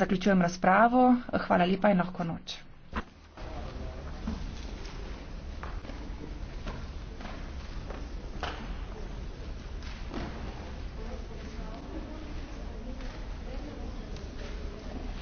Zaključujem razpravo. Hvala lepa in lahko noč.